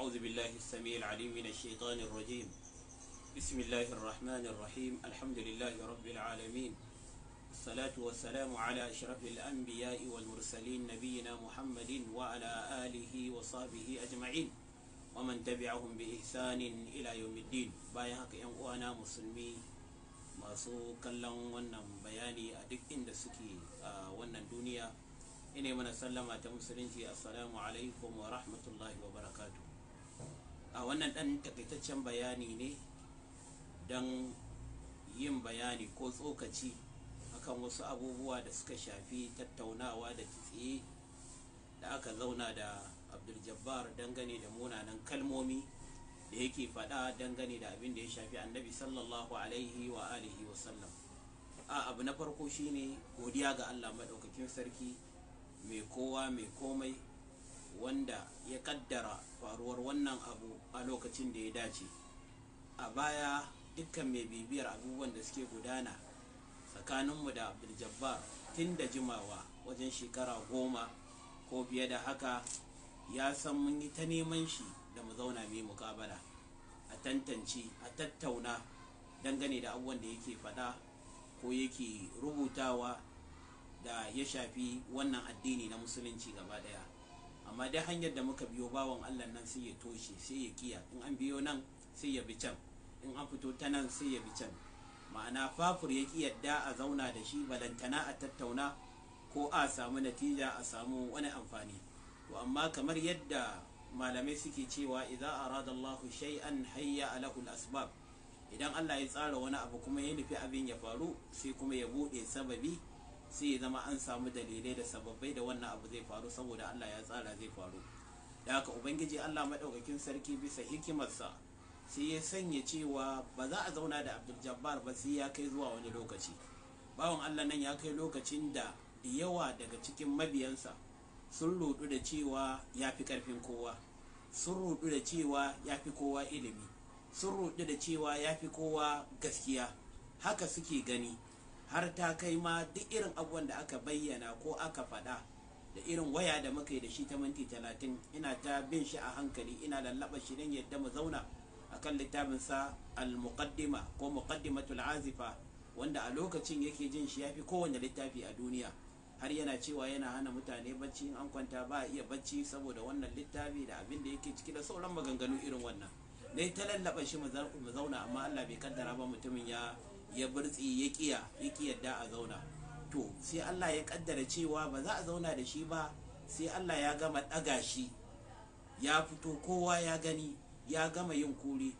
أعوذ بالله السميع العليم من الشيطان الرجيم بسم الله الرحمن الرحيم الحمد لله رب العالمين الصلاة والسلام على أشرف الأنبياء والمرسلين نبينا محمد وعلى آله وصحبه أجمعين ومن تبعهم بإحسان إلى يوم الدين بايهك أنا مسلمي masu kallon wannan bayani a duk inda suke a wannan duniya ina mana sallama ta musulunci assalamu alaikum wa rahmatullahi wa barakatuh a wannan ɗan takaitaccen bayani ne don yin bayani ko tsokaci akan wasu abubuwa da suka shafi tattaunawa da tsiye da aka zauna da abdul-jabbar dangane da munanan kalmomi da yake faɗa dangane da abin da ya shafi annabi sallallahu alaihi wa alihi wa sallam a abu na farko shine godiya ga allah maɗaukakin sarki mai kowa mai komai wanda ya kaddara faruwar wannan abu a lokacin da ya dace a baya dukkan mai bibiyar abubuwan da suke gudana tsakaninmu da abdul-jabbar tun da jimawa wajen shekara goma ko biye da haka ya san mun yi ta neman shi da mu zauna mai mukabala a tantance a tattauna dangane da abubuwan da yake faɗa ko yake rubutawa da ya shafi wannan addini na musulunci gaba daya amma dai hanyar da muka biyo bawan allah nan sai ya toshe sai ya kiya in an biyo nan sai ya bi can in an fito ta nan sai ya bi can ma'ana fafur ya ki yadda a zauna da shi balantana a tattauna ko a samu natija a samu wani amfani to amma kamar yadda malamai suke cewa idza arada Allahu shay'an hayya alahu asbab idan Allah ya tsara wani abu kuma ya nufi abin ya faru sai kuma ya bude sababi sai ya zama an samu dalilai da sababbai da wannan abu zai faru saboda Allah ya tsara zai faru da haka ubangiji Allah madaukakin sarki bisa hikimarsa sai ya sanya cewa ba za a zauna da Abdul Jabbar ba sai ya kai zuwa wani lokaci bawan Allah nan ya kai lokacin da yawa daga cikin mabiyansa sun rudu da cewa ya fi karfin kowa sun rudu da cewa ya fi kowa ilimi sun rudu da cewa ya fi kowa gaskiya haka suke gani har ta kai ma duk irin abubuwan da aka bayyana ko aka faɗa da irin waya da muka yi da shi ta minti talatin ina ta bin shi a hankali ina lallaba shi don yadda mu zauna akan sa al-muqaddima ko muqaddimatul azifa wanda a lokacin yake jin shi yafi kowane littafi a duniya har yana cewa yana hana mutane bacci in an kwanta ba a iya bacci saboda wannan littafi da abin da yake ciki da sauran maganganu irin wannan dai ta lallaba shi mu zauna amma Allah bai kaddara ba mutumin ya ya burtsi ya kiya ya kiyarda a zauna to sai Allah ya kaddara cewa ba za a zauna da shi ba sai Allah ya gama ɗaga shi ya fito kowa ya gani ya gama yin kuri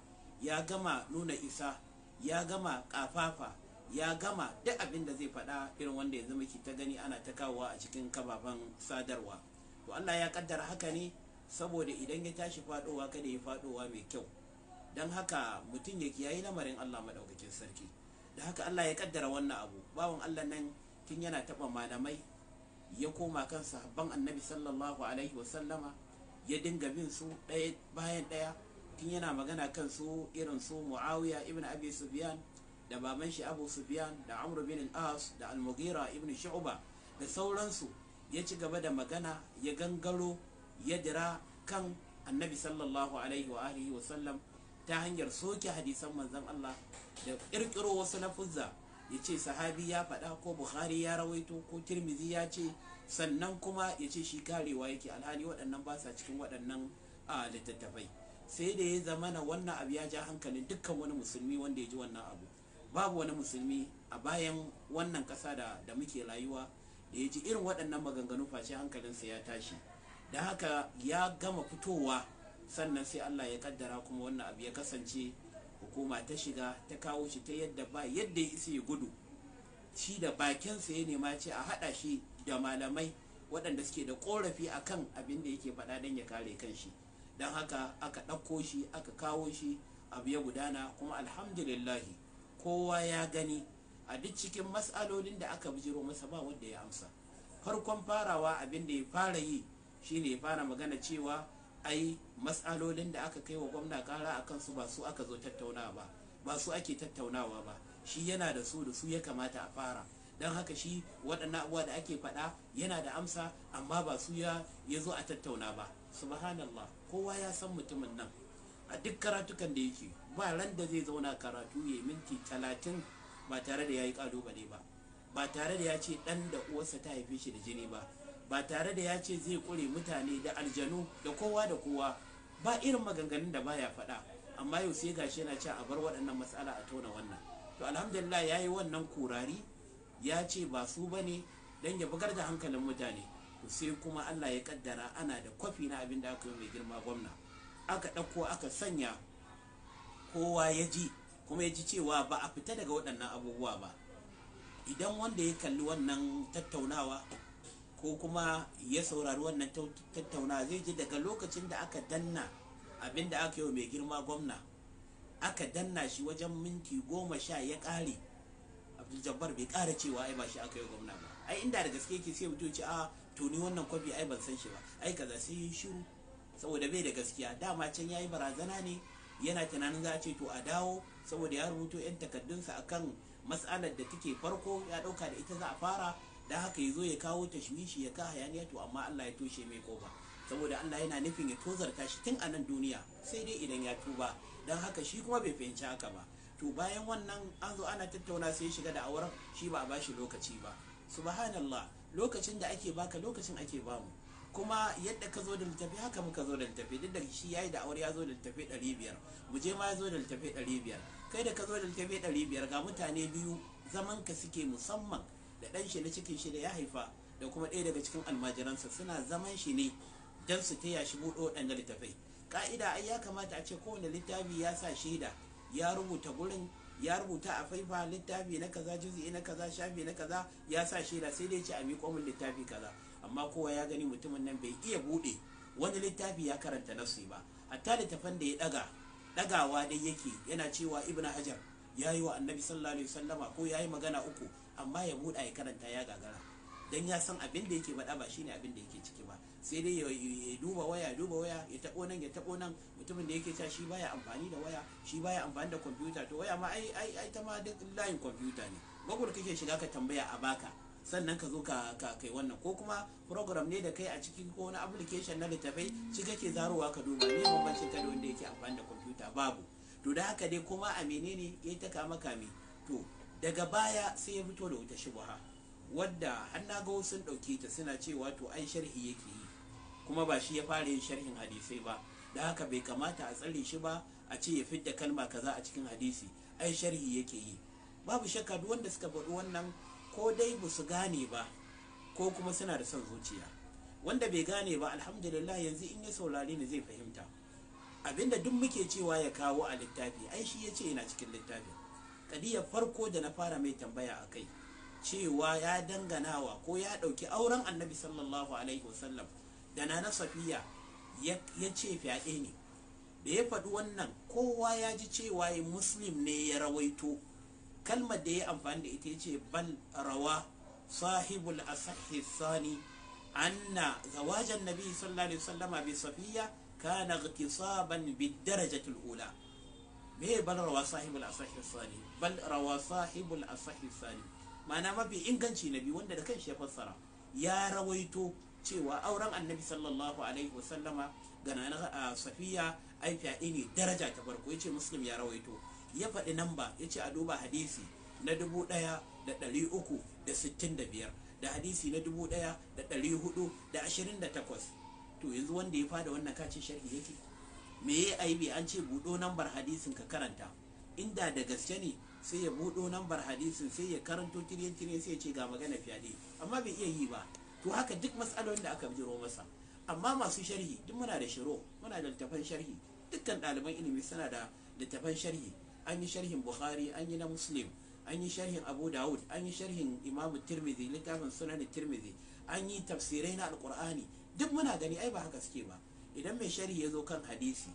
ya gama nuna isa ya gama kafafa ya gama duk abin da zai faɗa irin wanda ya zama ki ta gani ana ta kawowa a cikin kababan sadarwa to Allah ya kaddara haka ne saboda idan ya tashi faɗowa kada ya faɗowa mai kyau don haka mutum ya yayi lamarin Allah maɗaukakin sarki da haka Allah ya kaddara wannan abu bawan Allah nan tun yana taba malamai ya koma kan sahabban annabi sallallahu alaihi wa sallama, ya dinga bin su ɗaya bayan ɗaya tun yana magana kan su irin su muawiya ibn abi sufyan da baban shi abu sufyan da amr bin al-as da al-mughira ibn shu'ba da sauransu ya ci gaba da magana ya gangaro ya dira kan annabi sallallahu alaihi wa alihi wa sallam ta hanyar soke hadisan manzon Allah da kirkiro wasu lafuzza ya ce sahabi ya faɗa ko bukhari ya rawaito ko tirmizi ya ce sannan kuma ya ce shi karewa yake alhali waɗannan ba sa cikin waɗannan littattafai sai da ya zama na wannan abu ya ja hankalin dukkan wani musulmi wanda ya ji wannan abu babu wani musulmi a bayan wannan ƙasa da muke rayuwa da ya ji irin waɗannan maganganu face hankalinsa ya tashi da haka ya gama fitowa sannan sai Allah ya kaddara kuma wannan abu ya kasance hukuma ta shiga ta kawo shi ta yadda ba yadda ya ya gudu shi da bakinsa ya nema ce a hada shi da malamai waɗanda suke da korafi akan abin da yake faɗa don ya kare kanshi don haka aka ɗauko shi aka kawo shi abu ya gudana kuma alhamdulillah kowa ya gani a duk cikin matsalolin da aka bijiro masa ba wanda ya amsa farkon farawa abin da ya fara yi shine ya fara magana cewa ai matsalolin da aka kai wa gwamna kara a kansu ba su aka zo tattaunawa ba ba su ake tattaunawa ba shi yana da su da su ya kamata a fara don haka shi waɗannan abuwa da ake faɗa yana da amsa amma ba su ya zo a tattauna ba subhanallah kowa ya san mutumin nan a duk karatukan da yake ba ran da zai zauna karatu ya minti talatin ba tare da ya yi ƙalubale ba ba tare da ya ce ɗan da uwarsa ta haife shi da jini ba ba tare da ya ce zai kure mutane da aljanu da kowa da kowa ba irin maganganun da baya faɗa amma yau sai gashi yana cewa a bar waɗannan matsala a tona wannan to alhamdulillah ya yi wannan kurari ya ce ba su ba ne don ya bugar da hankalin mutane to sai kuma allah ya kaddara ana da kwafi na abin da aka yi mai girma gwamna aka ɗauko aka sanya kowa ya ji kuma ya ji cewa ba a fita daga waɗannan abubuwa ba idan wanda ya kalli wannan tattaunawa ko kuma ya saurari wannan tattauna zai ji daga lokacin da aka danna abin da aka yi mai girma gwamna aka danna shi wajen minti goma sha ya ƙare abdul bai ƙara cewa ai ba shi aka yi gwamna ba ai inda da gaske yake sai mutum ce a to ni wannan kwabi ai ban san shi ba ai kaza sai yi shiru saboda bai da gaskiya dama can yayi barazana ne yana tunanin za a ce to a dawo saboda ya rubuto yan takardunsa akan matsalar da take farko ya ɗauka da ita za a fara da haka ya zo ya kawo tashmishi ya ka hayaniya to amma Allah ya toshe mai koba saboda Allah yana nufin ya tozarta shi tun a nan duniya sai dai idan ya tuba don haka shi kuma bai fahimci haka ba to bayan wannan an zo ana tattauna sai ya shiga da awar shi ba a ba shi lokaci ba subhanallah lokacin da ake baka lokacin ake bamu kuma yadda ka zo da littafi haka muka zo da littafi duk da shi yayi da aure ya zo da littafi biyar. mu je ma ya zo da littafi biyar. kai da ka zo da littafi biyar ga mutane biyu zaman ka suke musamman da ɗan shi na cikin shi da ya haifa da kuma ɗaya daga cikin almajiransa suna zaman shi ne don su taya shi buɗo waɗanda littafai ka'ida ai ya kamata a ce kowane littafi ya sa shaida ya rubuta gurin ya rubuta a faifa littafi na kaza juzi na kaza shafi na kaza ya sa shaida sai dai ce a miƙo min littafi kaza amma kowa ya gani mutumin nan bai iya buɗe wani littafi ya karanta nasu ba hatta littafan da ya ɗaga ɗagawa dai yake yana cewa ibn hajar ya yi wa annabi sallallahu alaihi wasallama ko ya yi magana uku amma ya buɗa ya karanta ya gagara dan ya san abin da yake faɗa ba shine abin da yake ciki ba sai dai ya duba waya ya duba waya ya tabo nan ya tabo nan mutumin da yake cewa shi baya amfani da waya shi baya amfani da kwamfuta to waya ma ai ai ai ta ma duk layin kwamfuta ne gwagwar kake shiga ka tambaya a baka sannan ka zo ka kai wannan ko kuma program ne da kai a cikin ko wani application na littafai shi kake zarowa ka duba ne bambancin ka da wanda yake amfani da kwamfuta babu to da haka dai kuma a menene ya ta kama kame to daga baya sai ya fito da wata shubha wadda ga sun ɗauke ta suna cewa to ai sharhi yake yi kuma ba shi ya fara yin sharhin hadisai ba da haka bai kamata a tsare shi ba a ce ya fidda kalma kaza a cikin hadisi ai sharhi yake yi babu shakka duk wanda suka faɗi wannan ko dai ba su gane ba ko kuma suna da son zuciya wanda bai gane ba alhamdulillah yanzu in ya saurare ni zai fahimta abinda duk muke cewa ya kawo a littafi ai shi ya ce yana cikin littafin kadiyar farko da na fara mai tambaya a kai cewa ya danganawa ko ya ɗauki auren annabi sallallahu alaihi wasallam da na safiya ya ce fyaɗe ne da ya faɗi wannan kowa ya ji cewa ya muslim ne ya rawaito kalmar da ya amfani da ita ya ce bal rawa sahibul asahi sani anna zawajan nabi sallallahu alaihi wasallama bi safiya kana ban bi darajatul ula me bal rawa sahibul asahi sani bal rawa sahibul asahi sani ma'ana mafi inganci na biyu wanda da kanshi ya fassara ya rawaito cewa auren annabi sallallahu alaihi wasallama ga a safiya ai fyaɗe ne daraja ta farko yace muslim ya rawaito ya faɗi namba ce a duba hadisi na dubu ɗaya da ɗari uku da sittin da biyar da hadisi na dubu ɗaya da ɗari hudu da ashirin da takwas to yanzu wanda ya fada wannan kacin sharhi yake me ya aibi an ce buɗo nambar hadisin ka karanta inda da gaske ne sai ya buɗo nambar hadisin sai ya karanto kiryan kiryan sai ya ce ga magana fyaɗe amma bai iya yi ba to haka duk matsalolin da aka bijiro masa amma masu sharhi duk muna da shiro muna da littafan sharhi dukkan ɗaliban ilimi suna da littafan sharhi an yi sharhin bukhari an yi na muslim an yi sharhin abu dawud an yi sharhin imamu tirmidhi littafin sunan tirmidhi an yi tafsirai na alkur'ani duk muna gani ai ba haka suke ba idan mai sharhi ya zo kan hadisi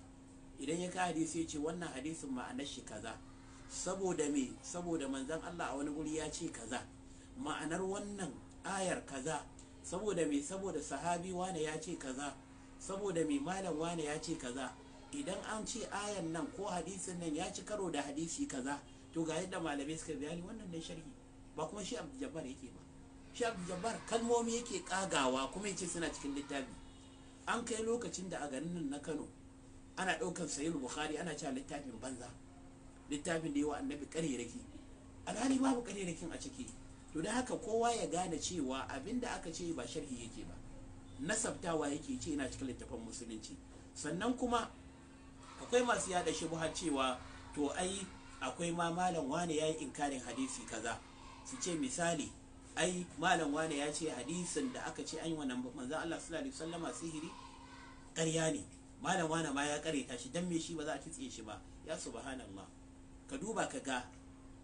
idan ya ka hadisi ya ce wannan hadisin ma'anar shi kaza saboda me saboda manzon Allah a wani guri ya ce kaza ma'anar wannan ayar kaza saboda me saboda sahabi wane ya ce kaza saboda me malam wane ya ce kaza idan an ce ayan nan ko hadisin nan ya ci karo da hadisi kaza to ga yadda malamai suka bayani wannan ne sharhi ba kuma shi abu Jabbar yake ba shi abu Jabbar kalmomi yake kagawa kuma yace suna cikin littafi an kai lokacin da a garin nan na kano ana ɗaukar Sayyid bukhari ana cewa littafin banza littafin da yawa annabi ƙarerake alhali babu ƙarerakin a ciki to da haka kowa ya gane cewa abinda aka ce ba sharhi yake ba nasabtawa yake ce yana cikin littafin musulunci sannan kuma akwai masu yada shubha cewa to ai akwai ma malam ya yayi inkarin hadisi kaza su ce misali ai malam wane ya ce hadisin da aka ce an yi wannan manzon Allah sallallahu alaihi wasallam sihiri ƙarya ne malam wane ma ya ƙareta shi dan me shi ba za a kitse shi ba ya subhanallah ka duba ka ga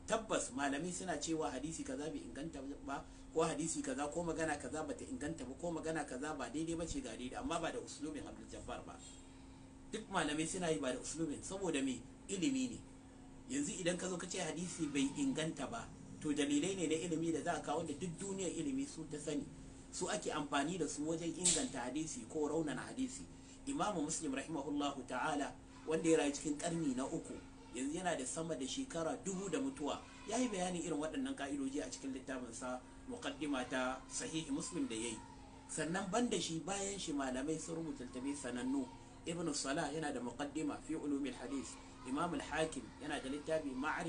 tabbas malamai suna cewa hadisi kaza bai inganta ba ko hadisi kaza ko magana kaza ba ta inganta ba ko magana kaza ba daidai ba ce ga daidai amma ba da uslubin Abdul Jabbar ba duk malamai suna yi ba da uslubin saboda me ilimi ne yanzu idan ka zo ka ce hadisi bai inganta ba to dalilai ne na ilimi da za a kawo da duk duniyar ilimi su ta sani su ake amfani da su wajen inganta hadisi ko raunana hadisi imamu muslim rahimahullahu ta'ala wanda ya rayu cikin karni na uku yanzu yana da sama da shekara dubu da mutuwa ya yi bayani irin waɗannan ka'idoji a cikin littafinsa muqaddima ta sahihi muslim da yayi sannan da shi bayan shi malamai sun rubuta tabi sanannu ibn salah yana da muqaddima fi ulumil hadis imam hakim yana da littafi a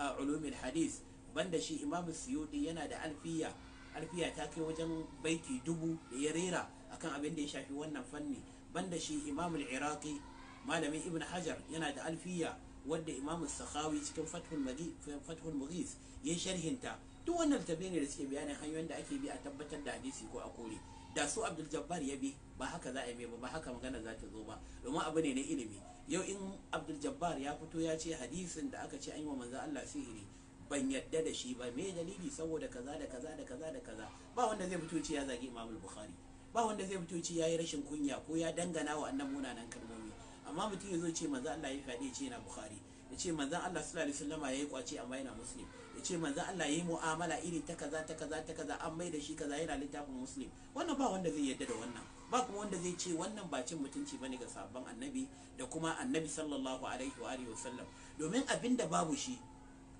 ah, ulumil hadis banda shi imamu suyudi yana da alfiya alfiya ta kai wajen baiti dubu da ya rera akan abin da ya shafi wannan fanni banda shi imamul iraqi malamin ibn hajar yana da alfiya wadda imamu sahawi cikin fathul mughis ya sharhinta duk wannan littafi ne da suke bayanin hanyoyin da ake bi a tabbatar da hadisi ko a kore da su abdul jabbar ya bi ba haka za a yi ba ba haka magana za ta zo ba domin abu ne na ilimi yau in abdul jabbar ya fito ya ce hadisin da aka ce an yi wa manzo Allah sihiri ban yadda da shi ba me dalili saboda kaza da kaza da kaza da kaza ba wanda zai fito ce ya zagi mamul bukhari ba wanda zai fito ce ya yi rashin kunya ko ya dangana wa annan munanan kalmomi amma mutum ya zo ce manzo Allah ya fadi ce yana bukhari ya ce manzo Allah sallallahu alaihi wasallam yayi kwace amma yana muslim ya ce manzo Allah yayi mu'amala iri ta kaza ta kaza ta kaza an mai da shi kaza yana littafin muslim wannan ba wanda zai yadda da wannan ba kuma wanda zai ce wannan ba cin mutunci bane ga sabon annabi da kuma annabi sallallahu alaihi wa alihi wasallam domin abinda babu shi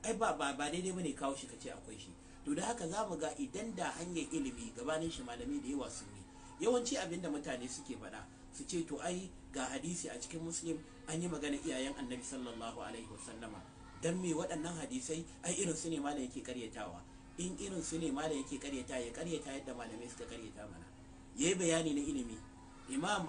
ai ba ba ba daidai bane kawo shi kace akwai shi to da haka zamu ga idan da hanyar ilimi gabanin shi malami da yawa sun yi yawanci abin da mutane suke faɗa su ce to ai ga hadisi a cikin muslim an yi magana iyayen annabi sallallahu alaihi wasallama dan me waɗannan hadisai ai irin su ne malam yake karyatawa in irin su ne malam yake karyata ya karyata yadda malamai suka karyata mana yayi bayani na ilimi imam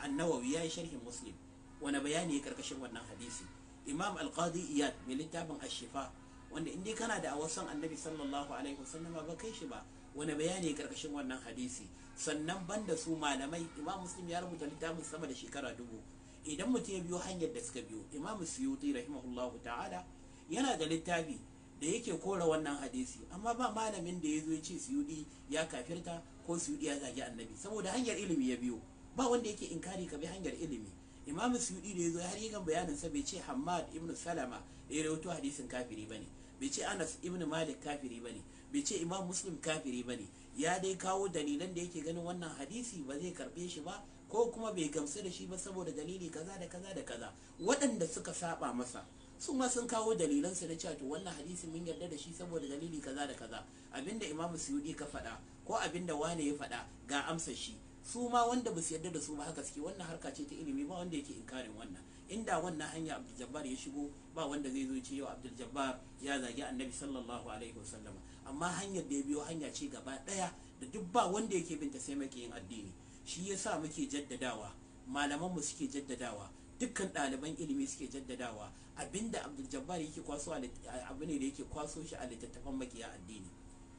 an-nawawi ya yi sharhin muslim wani bayani ya karkashin wannan hadisi imam alqadi iyad mai littafin ashifa wanda indai kana da awasan annabi sallallahu alaihi wasallam ba kai shi ba wani bayani karkashin wannan hadisi sannan banda su malamai imam muslim ya rubuta littafin sama da shekara dubu idan mutum ya biyo hanyar da suka biyo imam suyuti rahimahullahu ta'ala yana da littafi da yake kora wannan hadisi amma ba malamin da ya zo ya ce suyudi ya kafirta ko suyudi ya zagi annabi saboda hanyar ilimi ya biyo ba wanda yake inkari ka bi hanyar ilimi imam suyudi da yazo har yagan bayanin sa bai ce hammad ibn salama da ya rawaito hadisin kafiri bane bai ce anas ibn malik kafiri bane bai ce imam muslim kafiri bane ya dai kawo dalilan da yake ganin wannan hadisi ba zai karbe shi ba ko kuma bai gamsu da shi ba saboda dalili kaza da kaza da kaza waɗanda suka saba masa su ma sun kawo su na cewa to wannan hadisi mun yarda da shi saboda dalili kaza da kaza abinda imam suyudi ka faɗa ko abinda wane ya faɗa ga amsa shi su ma wanda ba su yarda da su ba haka suke wannan harka ce ta ilimi ba wanda yake inkarin wannan inda wannan hanya abdul jabbar ya shigo ba wanda zai zo ce yau abdul jabbar ya zagi annabi sallallahu alaihi wasallam amma hanyar da ya biyo hanya ce gaba daya da duk ba wanda yake binta sai muke yin addini shi yasa muke jaddadawa malaman mu suke jaddadawa dukkan ɗaliban ilimi suke jaddadawa abinda abdul jabbar yake kwaso abu ne da yake kwaso shi a littattafan makiya addini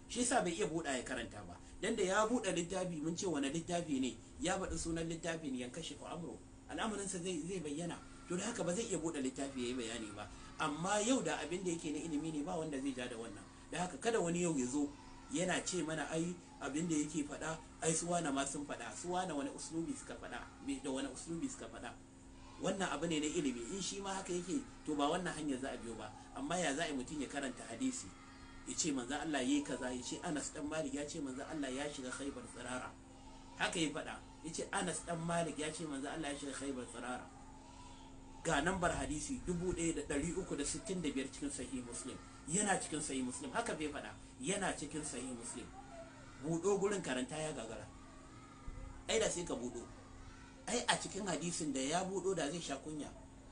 shi yasa bai iya buɗa ya karanta ba dan da ya buɗe littafi mun ce wani littafi ne ya faɗi sunan littafin yankashi ko amro al'amarinsa zai zai bayyana to da haka ba zai iya buɗe littafi yayi bayani ba amma yau da abin da yake na ilimi ne ba wanda zai ja da wannan da haka kada wani yau ya zo yana ce mana ai abin da yake faɗa ai su na ma sun faɗa su na wani uslubi suka faɗa da wani uslubi suka faɗa wannan abu ne na ilimi in shi ma haka yake to ba wannan hanyar za a biyo ba amma ya za a mutum ya karanta hadisi ya ce manzo Allah yi kaza ya ce Anas dan Malik ya ce manzo Allah ya shiga Khaybar tsirara haka ya faɗa ya ce Anas dan Malik ya ce manzo Allah ya shiga Khaybar tsirara ga nambar hadisi 1365 cikin sahih Muslim yana cikin sahih Muslim haka bai faɗa yana cikin sahih Muslim buɗo gurin karanta ya gagara ai da sai ka buɗo ai a cikin hadisin da ya buɗo da zai sha kunya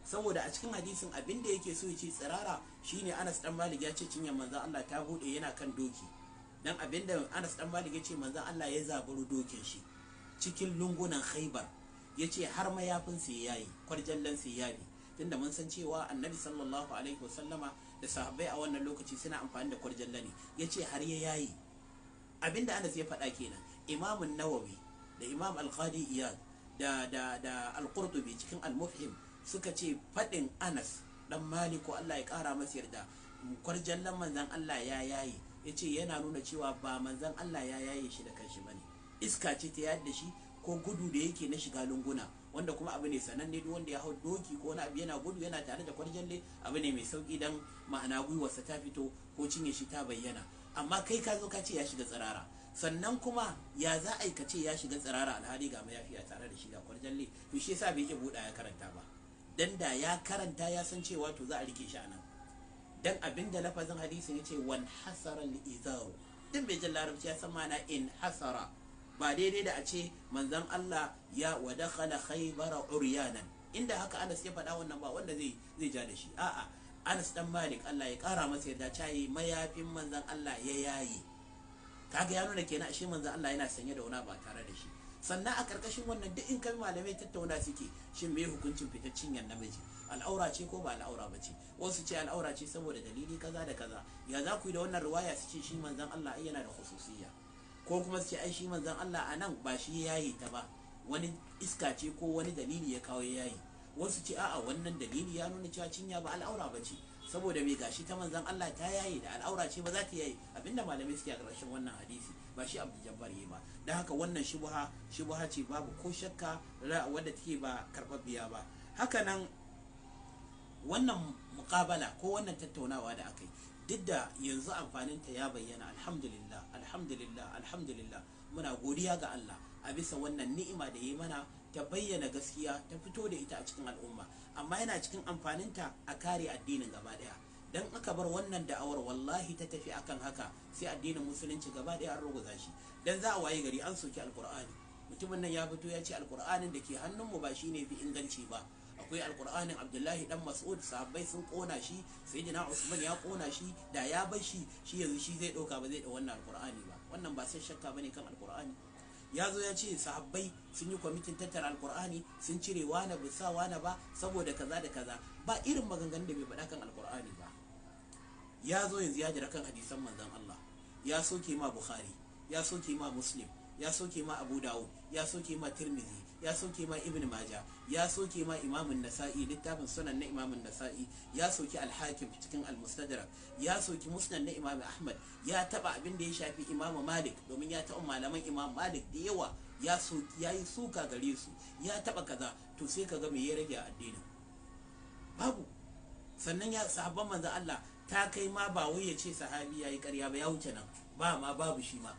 saboda a cikin hadisin abin da yake so ya ce tsirara shine Anas dan Malik ya ce cinyar manzan Allah ta bude yana kan doki dan abin da Anas dan Malik ya ce manzan Allah ya zaburu dokin shi cikin lungunan Khaibar ya ce har mayafin sai yayi kwarjallan sai yayi tunda mun san cewa annabi sallallahu alaihi wasallama da sahabbai a wannan lokaci suna amfani da kwarjalla ne ya ce har ya yayi abinda Anas ya faɗa kenan imamun nawawi da imam al-qadi iyad da da da al-qurtubi cikin al-mufhim suka ce faɗin anas dan ko allah ya ƙara masa yarda kwarjallan manzan allah ya yaye ya ce yana nuna cewa ba manzan allah ya yaye shi da kanshi ne. iska ce ta yadda shi ko gudu da yake na shiga lunguna wanda kuma abu ne sananne duk wanda ya hau doki ko wani abu yana gudu yana tare da jalle abu ne mai sauki dan ma'ana gwiwarsa ta fito ko cinye shi ta bayyana amma kai ka zo ka ce ya shiga tsirara sannan kuma ya za a yi ka ce ya shiga tsirara alhali ga mayafi a tare da shi da jalle to shi yasa bai iya buɗa ya karanta ba dan da ya karanta ya san cewa to za a rike shi anan dan abinda lafazin ya ce, wan hasara al-izaru din bai jin larabci ya san mana in hasara ba daidai da a ce manzon Allah ya wada khala khaybara uryanan inda haka Anas ya faɗa wannan ba wanda zai zai ja da shi a'a Anas dan Malik Allah ya kara masa yarda cayi mayafin manzon Allah ya yayi kaga ya nuna kenan ashe manzon Allah yana sanye da wani ba tare da shi sannan a karkashin wannan duk in kai malamai tattauna suke shin me hukuncin fitar cinyar namiji al'aura ce ko ba al'aura ba ce wasu ce al'aura ce saboda dalili kaza da kaza ya za ku yi da wannan ruwaya su ce shi manzan Allah ai yana da khususiyya ko kuma su ce ai shi manzan Allah a nan ba shi yayi ta ba wani iska ce ko wani dalili ya kawo yayi wasu ce a'a wannan dalili ya nuna cewa cinya ba al'aura ba ce saboda me gashi ta manzan Allah ta yaye da al'aura ce ba za ta yayi abinda malamai suke a wannan hadisi ba shi abu jabbar yi ba don haka wannan shubuha shubuha ce babu ko shakka wadda take ba karɓaɓɓiya ba haka nan wannan mukabala ko wannan tattaunawa da aka yi duk da yanzu amfaninta ya bayyana alhamdulillah alhamdulillah alhamdulillah muna godiya ga Allah a bisa wannan ni'ima da yi mana ta bayyana gaskiya ta fito da ita a cikin al'umma amma yana cikin amfaninta a kare addinin gaba daya dan aka bar wannan da'awar wallahi ta tafi akan haka sai addinin musulunci gaba ɗaya an ruguza shi dan za a waye gari an soki alkur'ani mutumin nan ya fito ya ce alkur'anin da ke hannunmu ba shine fi inganci ba akwai alkur'anin abdullahi dan mas'ud sahabbai sun kona shi sayyidina usman ya kona shi da ya bar shi shi yanzu shi zai dauka ba zai da wannan alqur'ani ba wannan ba sai shakka bane kan alkur'ani ya zo ya ce sahabbai sun yi kwamitin tattara alkur'ani sun cire wane bisa wane ba saboda kaza da kaza ba irin maganganun da bai faɗa kan alkur'ani ba ya zo yanzu ya jira kan hadisan manzan Allah ya soke ma Bukhari ya soke ma Muslim ya soke ma Abu Dawud ya soke ma Tirmidhi ya soke ma Ibn Majah ya soke ma Imam Nasa'i littafin sunan na Imam Nasa'i ya soke Al-Hakim cikin Al-Mustadrak ya soke Musnad na Imam Ahmad ya taba abin da ya shafi Imam Malik domin ya taba malaman Imam Malik da yawa ya soki yayi suka gare su ya taba kaza to sai kaga me ya rage a addinin babu sannan ya sahabban manzo Allah ta kai ma ba wai ya ce sahabi ya yi karya ba ya wuce nan ba ma babu shi ma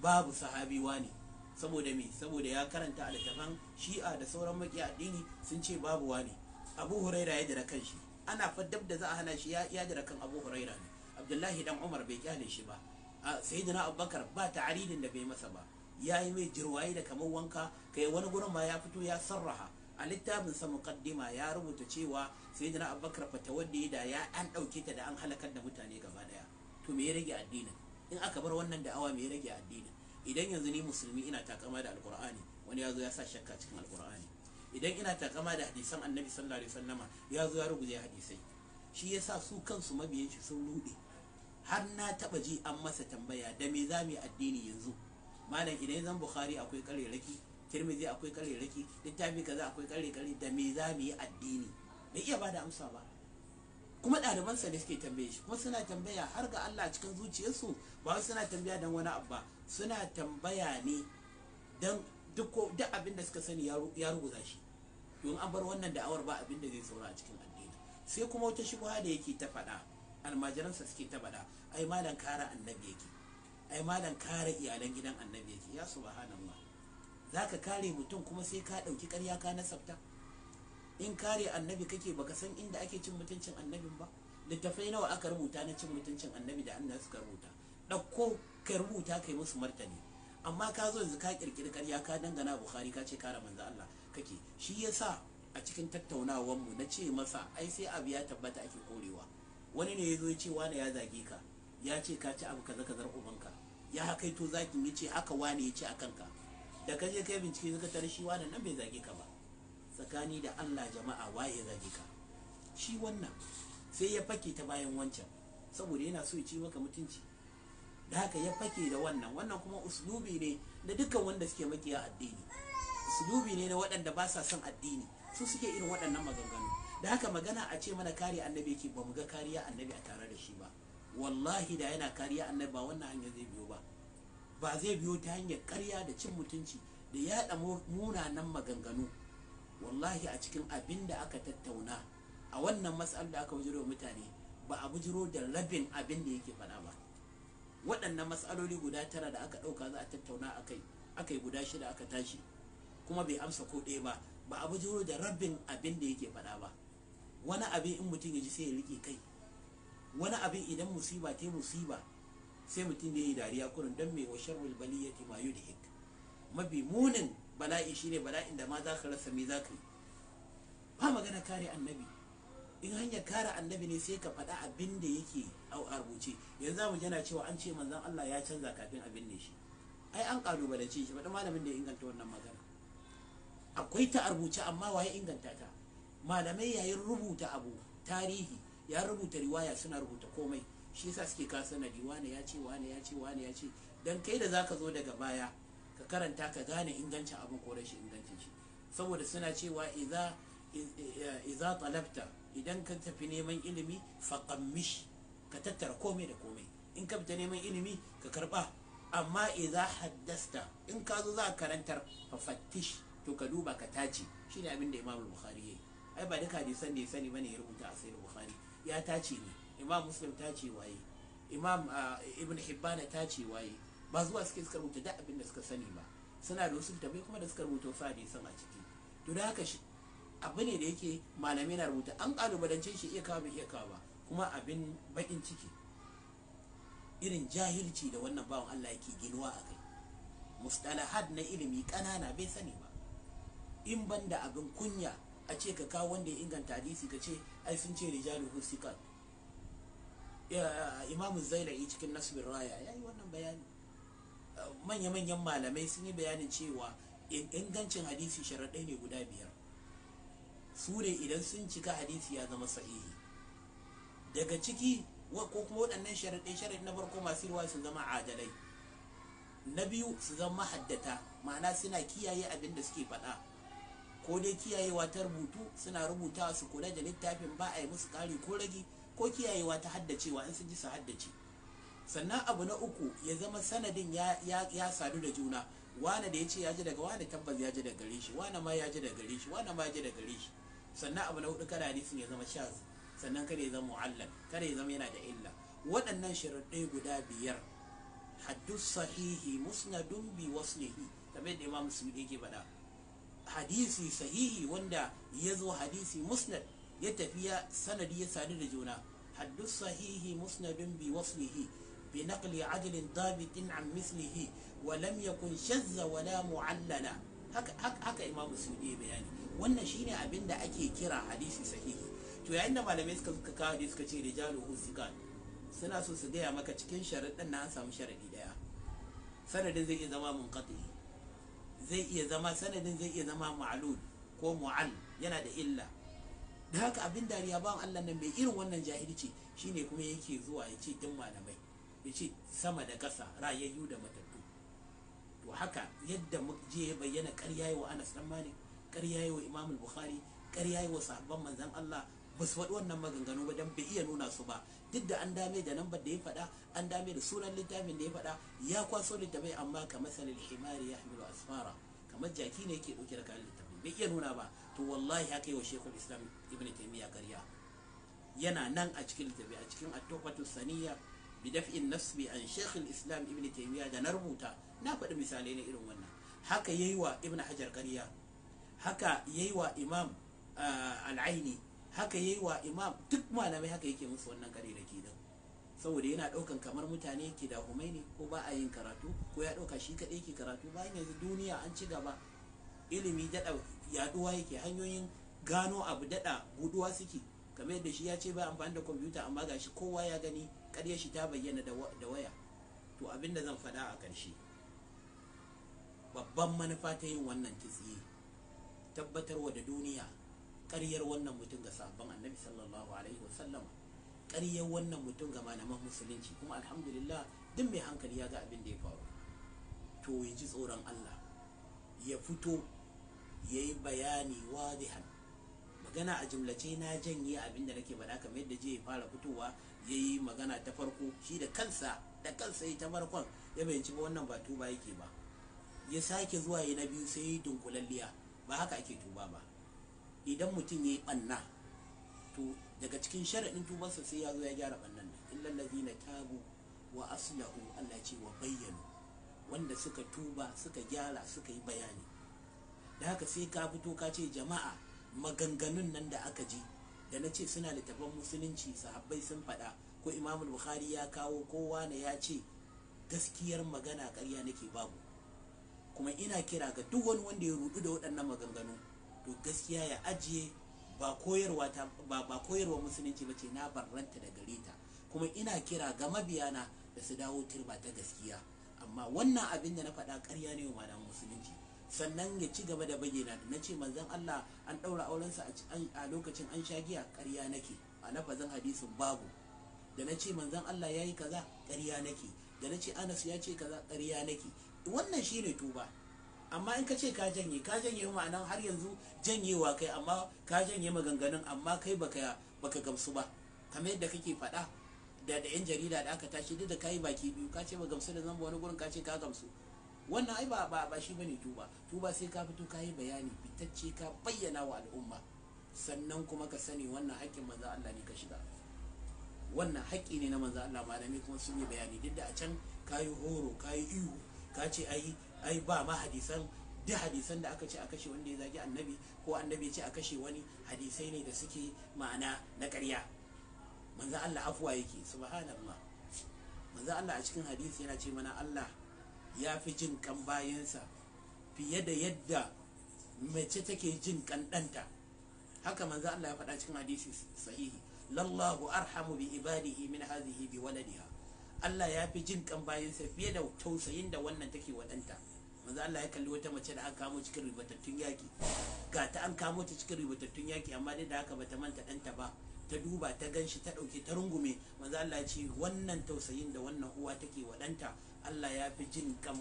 babu sahabi wani. saboda me saboda ya karanta a littafan shi'a da sauran maki addini sun ce babu wani abu huraira ya jira kan shi ana faddab da za a hana shi ya jira kan abu huraira ne abdullahi dan umar bai kyale shi ba sayyidina abubakar ba ta aridin da bai masa ba ya yi mai jirwaye da kamar wanka kai wani gurin ma ya fito ya sarraha a littafin sa muqaddima ya rubuta cewa sayyidina abubakar fata wanda ya da ya an dauke ta da an halakar da mutane gaba daya to me ya rage addinin in aka bar wannan da'awa me ya rage addinin idan yanzu ni musulmi ina takama da alqur'ani wani ya zo ya sa shakka cikin alqur'ani idan ina takama da hadisan annabi sallallahu alaihi wasallama ya zo ya rubuta hadisai shi yasa su kansu mabiyan shi sun rude har na taba ji an masa tambaya da me za mu yi addini yanzu malam idan zan bukhari akwai kare raki? tirmidhi akwai raki littafi kaza akwai kare-kare da me za mu yi addini bai iya bada amsa ba kuma ɗalibansa ne suke tambaye shi kuma suna tambaya har ga Allah cikin zuciyarsu ba suna tambaya don wani abu ba suna tambaya ne don duk duk abin da suka sani ya ruguza shi don an bar wannan da'awar ba abin da zai saura a cikin addini sai kuma wata shubha da yake ta faɗa almajiransa suke ta faɗa ai malam kare annabi yake ai malam kare iyalan gidan annabi yake ya subhanallah za ka kare mutum kuma sai ka ɗauki ƙarya ka nasabta in kare annabi kake baka san inda ake cin mutuncin annabin ba littafai nawa aka rubuta na cin mutuncin annabi da annabi suka rubuta ɗauko ka rubuta kai musu martani amma ka zo yanzu ka kirkiri ƙarya ka dangana bukhari ka ce kare manzo Allah kake shi yasa a cikin tattaunawar mu na ce masa ai sai abu ya tabbata ake korewa wani ne ya zo ya ce wani ya zage ka ya ce ka ci abu kaza kazar ubanka ya hakaito zakin ya ce haka wani ya ce a kanka da ka je kai bincike zaka tare shi wannan nan bai zage ka ba tsakani da Allah jama'a waye zage ka shi wannan sai ya fake ta bayan wancan saboda yana so ya ci maka mutunci da haka ya fake da wannan wannan kuma uslubi ne da dukkan wanda suke makiya addini uslubi ne na waɗanda ba sa son addini su suke irin waɗannan maganganu da haka magana a ce mana kare annabi yake ba mu ga kariya annabi a tare da shi ba wallahi da yana kariya annabi ba wannan hanyar zai biyo ba ba zai biyo ta hanyar karya da cin mutunci da yaɗa munanan maganganu wallahi a cikin abin da aka tattauna a wannan matsalar da aka bujiro mutane ba a bujiro da rabin abin da yake faɗa ba waɗannan matsaloli guda tara da aka ɗauka za a tattauna a kai aka yi guda shida aka tashi kuma bai amsa ko ɗaya ba ba a bujiro da rabin abin da yake faɗa ba wani abin in mutum ya ji sai ya riƙe kai wani abin idan musiba ta musiba sai mutum ya yi dariya kurin don mai bulbali ya baliyati ma hik mafi munin bala'i shine bala'in da ma za ka rasa me za ka yi ba magana kare annabi in hanyar kare annabi ne sai ka faɗa abin da yake au a rubuce yanzu za mu jana cewa an ce manzan Allah ya canza kafin abin ne shi ai an kalubalance shi faɗi malamin da ya inganta wannan magana akwai ta a rubuce amma waye inganta ta malamai yayin rubuta abu tarihi ya rubuta riwaya suna rubuta komai shi sa suke ka sanadi wane ya ce wane ya ce wane ya ce dan kai da za ka zo daga baya ka karanta ka gane ingancin abin ko rashin ingancin shi saboda suna cewa idza talabta idan ka tafi neman ilimi faqammish ka tattara komai da komai in ka fita neman ilimi ka karba amma idza haddasta in ka zo za ka karantar fattish to ka duba ka tace shine abin da Imam Bukhari yayi ai ba duka hadisan da ya sani bane ya rubuta a Sahih Bukhari ya tace ne imam muslim ta ce waye imam ah, ibn hibbana ta ce waye ba zuwa suke suka rubuta da abin da suka sani ba suna da wasu littafai kuma da suka rubuta wasu hadisi a ciki to da haka abu ne da yake malamai na rubuta an kalubalance shi iya kawo iya kawo ba kuma abin bakin ciki irin jahilci da wannan bawan Allah yake ginuwa a kai mustalahat na ilimi kanana bai sani ba in banda abin kunya a ce ka kawo wanda ya inganta hadisi ka ce ai sun ce rijalu husikat imamu zailai cikin nasibin raya ya yi wannan bayani manya-manyan malamai sun yi bayanin cewa ingancin hadisi sharaɗai ne guda biyar su ne idan sun cika hadisi ya zama sahihi daga ciki ko kuma waɗannan sharaɗai sharaɗai na farko masu ruwa su zama adalai na biyu su zama haddata ma'ana suna kiyaye abin da suke faɗa ko dai kiyayewa ta rubutu suna rubutawa su kula da littafin ba a yi musu ƙari ko ragi ko kiyayewa ta haddacewa in sun ji su haddace sannan abu na uku ya zama sanadin ya, sadu da juna wane da ya ce ya ji daga wane tabbas ya ji daga gare shi wane ma ya ji daga gare shi wane ma ya ji daga gare shi sannan abu na hudu kada hadisin ya zama shaz sannan kada ya zama mu'allal kada ya zama yana da illa waɗannan sharaɗai guda biyar haddus sahihi musnadun bi waslihi kamar yadda imam musulmi yake faɗa hadisi sahihi wanda ya zo hadisi musnad ya tafiya sanadi ya sadu da juna haddu sahihi musnadun bi waslihi bi naqli ajlin dabitin an mislihi wa lam yakun shazza la mu'allala haka haka imamu sudi bayani wannan shine abin da ake kira hadisi sahihi to yayin da malamai suka suka kawo hadisi suka ce rijalu thiqat suna so su gaya maka cikin sharaɗin na an samu sharaɗi daya sanadin zai iya zama munqati zai iya zama sanadin zai iya zama ma'lul ko mu'al yana da illa da haka abin dariya ba Allah nan mai irin wannan jahilci shine kuma yake zuwa ya ce din malamai ya ce sama da ƙasa rayayyu da matattu to haka yadda je ya bayyana ƙarya wa Anas dan Malik ƙarya wa Imam Bukhari ƙarya wa sahabban manzon Allah ba su faɗi wannan maganganu ba dan bai iya nuna su ba duk da an dame da lambar da ya faɗa an dame da sunan littafin da ya faɗa ya kwaso littafin amma kamar masalil himari ya hamilu asfara kamar jaki ne yake ɗauke da kayan littafin bai iya nuna ba to wallahi haka wa shekul islam ibn taimiyya karya yana nan a cikin littafi a cikin attofatu saniya bi daf'in nasbi an shekul islam ibn taimiyya da na rubuta na faɗi misalai na irin wannan haka yayi wa ibn hajar karya haka yayi wa imam al'aini haka yayi wa imam duk malamai haka yake musu wannan kare da ke saboda yana daukan kamar mutane ke da humaini ko ba a yin karatu ko ya dauka shi kadai ke karatu bayan yanzu duniya an ci gaba ilimi daɗa yaduwa yake hanyoyin gano abu dada buduwa suke kamar yadda shi ya ce ba amfani da kwamfuta amma ga shi kowa ya gani karya shi ta bayyana da waya to abin da zan faɗa a ƙarshe babban manufa ta yin wannan kitse tabbatarwa da duniya ƙaryar wannan mutum ga sabon annabi sallallahu alaihi wasallam ƙaryar wannan mutum ga malaman musulunci kuma alhamdulillah duk mai hankali ya ga abin da ya faru to ya ji tsoron allah ya fito Yayi yi bayani wadihan magana a jumlace na janye abin da nake faɗa kamar yadda je ya fara fitowa ya yi magana ta farko shi da kansa da kansa ya ta farkon ya bayanci ba wannan ba tuba yake ba ya sake zuwa ya na biyu sai ya dunkulalliya ba haka ake tuba ba idan mutum ya yi ɓanna to daga cikin sharaɗin tubarsa sai ya zo ya gyara ɓannan nan illal ladina tabu wa aslahu Allah ce wa bayyanu wanda suka tuba suka gyara suka yi bayani da haka sai ka fito ka ce jama'a maganganun nan da aka ji da na ce suna littafan musulunci sahabbai sun faɗa ko imamu bukhari ya kawo kowa na ya ce gaskiyar magana ƙarya nake babu kuma ina kira ga duk wani wanda ya rudu da waɗannan maganganu to gaskiya ya ajiye ba koyarwa ta ba ba koyarwa musulunci bace na barranta da gare ta kuma ina kira ga mabiyana da su dawo turba ta gaskiya amma wannan abin da na faɗa ƙarya ne wa malaman musulunci sannan ya ci gaba da bayyana na ce manzon Allah an ɗaura aurensa a lokacin an sha giya ƙarya nake a lafazin hadisin babu da na ce manzon Allah ya yi kaza ƙarya nake da na ce Anas ya ce kaza ƙarya nake wannan shine tuba amma in ka ce ka janye ka janye ma'anan har yanzu janyewa kai amma ka janye maganganun amma kai baka baka gamsu ba kamar yadda kake faɗa da da yan jarida da aka tashi duk da yi baki biyu ka ce ba gamsu da ba wani gurin ka ce ka gamsu wannan ai ba ba shi bane tuba tuba sai ka fito ka yi bayani fitacce ka bayyana wa al'umma sannan kuma ka sani wannan haƙƙin manzo Allah ne ka shiga wannan haƙƙi ne na manzo Allah malami kuma sun yi bayani duk da a can ka yi horo ka yi ihu ka ce ai ai ba ma hadisan duk hadisan da aka ce a kashe wanda ya zagi annabi ko annabi ya ce a kashe wani hadisai ne da suke ma'ana na ƙarya manzo Allah afuwa yake subhanallah manzo Allah a cikin hadisi yana ce mana Allah ya fi jin kan bayansa fiye da yadda mace take jin kan ɗanta haka manzo Allah ya faɗa cikin hadisi sahihi lallahu arhamu bi ibadihi min hadhihi bi waladiha Allah ya fi jin kan bayansa fiye da tausayin da wannan take wa ɗanta manzo Allah ya kalli wata mace da aka kamo cikin ribatattun yaki ga ta an kamo ta cikin ribatattun yaki amma dai da haka bata manta ɗanta ba ta duba ta ganshi ta ɗauki ta rungume manzo Allah ce wannan tausayin da wannan uwa take wa ɗanta Allah ya fi jin kan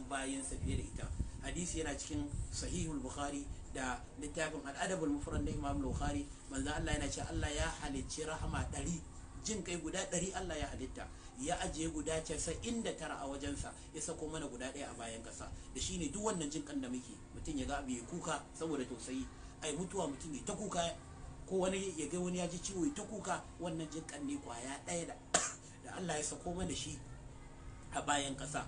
sa fiye da ita hadisi yana cikin sahihul bukhari da littafin al'adabul mufrad na imam bukhari manzo Allah yana ce Allah ya halicci rahama ɗari jin kai guda ɗari Allah ya halitta ya ajiye guda casa'in da tara a wajensa ya sako mana guda ɗaya a bayan ƙasa da shi ne duk wannan jin kan da muke mutum ya ga abu kuka saboda tausayi ai mutuwa mutum ya ta kuka ko wani ya ga wani ya ji ciwo ta kuka wannan jin kan ne kwaya ɗaya da da Allah ya sako mana shi a bayan ƙasa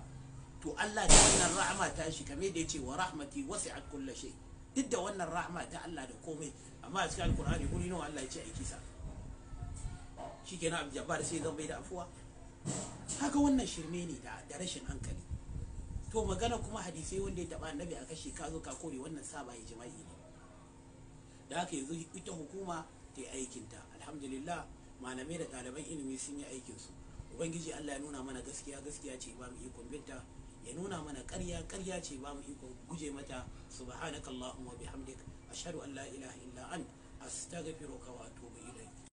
to Allah da wannan rahama ta shi kame da yace wa rahmati wasi'at kulli shay duk da wannan rahama ta Allah da komai amma a cikin alkur'ani wuri nawa Allah ya ce aiki sa shikenan abu jabbar sai zan bai da afuwa haka wannan shirme ne da rashin hankali to magana kuma hadisai wanda ya taba annabi a kashe ka zo ka kore wannan saba ya jima'i ne da haka yanzu ita hukuma ta yi aikinta alhamdulillah malamai da ɗaliban ilimi sun yi aikinsu ubangiji allah ya nuna mana gaskiya gaskiya ce ba mu ikon binta ya nuna mana ƙarya ƙarya ce ba mu ikon guje mata subhanakallahumma bihamdik ashhadu an la ilaha illa an astaghfiruka wa atubu